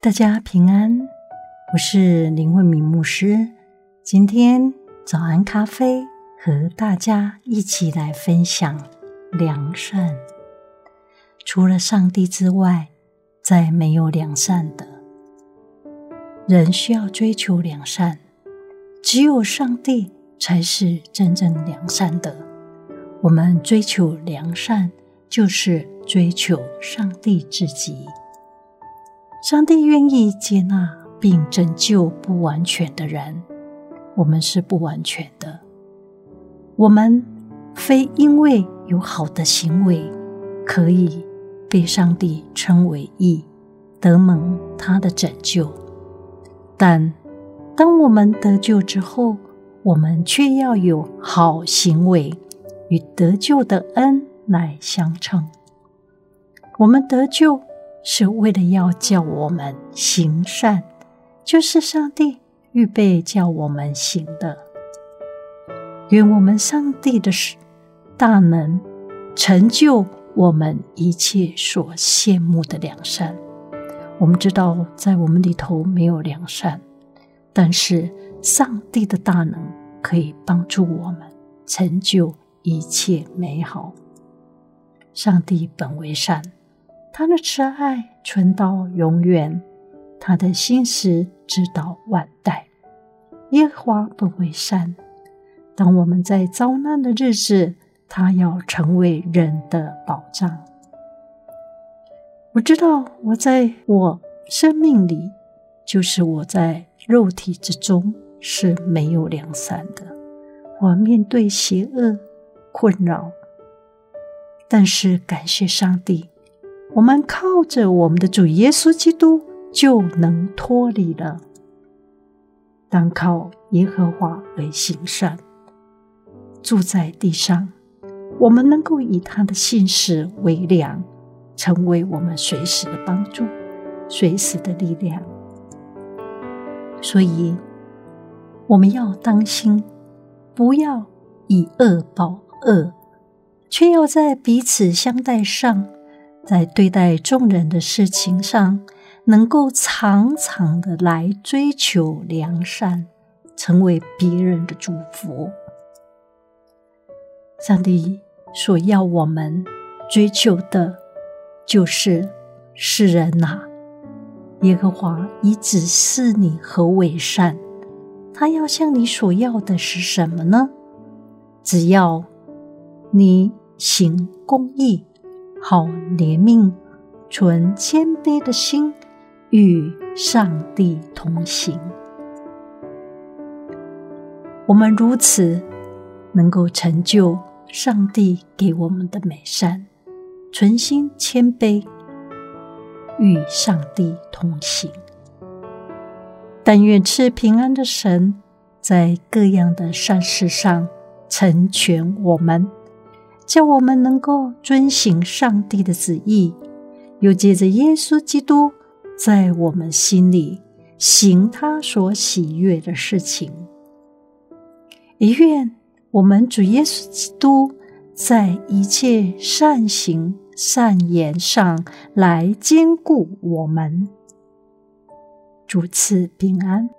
大家平安，我是林惠敏牧師。今天早安咖啡，和大家一起來分享良善。除了上帝之外，再沒有良善的。人需要追求良善，只有上帝才是真正良善的。我們追求良善，就是追求上帝自己。上帝願意接納並拯救不完全的人，我們是不完全的，我們非因為有好的行為可以被上帝稱為義，得蒙他的拯救。但當我們得救之後，我們卻要有好行為與得救的恩來相稱。我們得救，是為了要叫我們行善，就是上帝預備叫我們行的。願我們上帝的大能成就我們一切所羨慕的良善。我們知道，在我們裡頭沒有良善，但是上帝的大能可以幫助我們成就一切美好。上帝本為善。他的慈愛存到永遠，他的心思直到萬代。耶和華本為善，當我們在遭難的日子，他要成為人的保障。我知道，我在我生命裡，就是我在肉體之中是沒有良善的。我面對邪惡困擾，但是感謝上帝。我們靠着我們的主耶穌基督就能脫離了。當靠耶和華而行善，住在地上，我們能夠以他的信實為糧，成為我們隨時的幫助，隨時的力量。所以，我們要當心，不要以惡報惡，卻要在彼此相待上。在對待眾人的事情上，能夠常常的來追求良善，成為別人的祝福。上帝所要我們追求的，就是世人吶、啊。耶和華已指示你何為善，他要向你所要的是什麼呢？只要你行公義。好憐憫，存謙卑的心，與上帝同行。我們如此，能夠成就上帝給我們的美善，存心謙卑，與上帝同行。但願賜平安的神，在各樣的善事上成全我們。叫我們能夠遵行上帝的旨意，又借着耶穌基督在我們心裡行他所喜悅的事情。也願我們主耶穌基督在一切善行善言上來兼顧我們。主賜平安。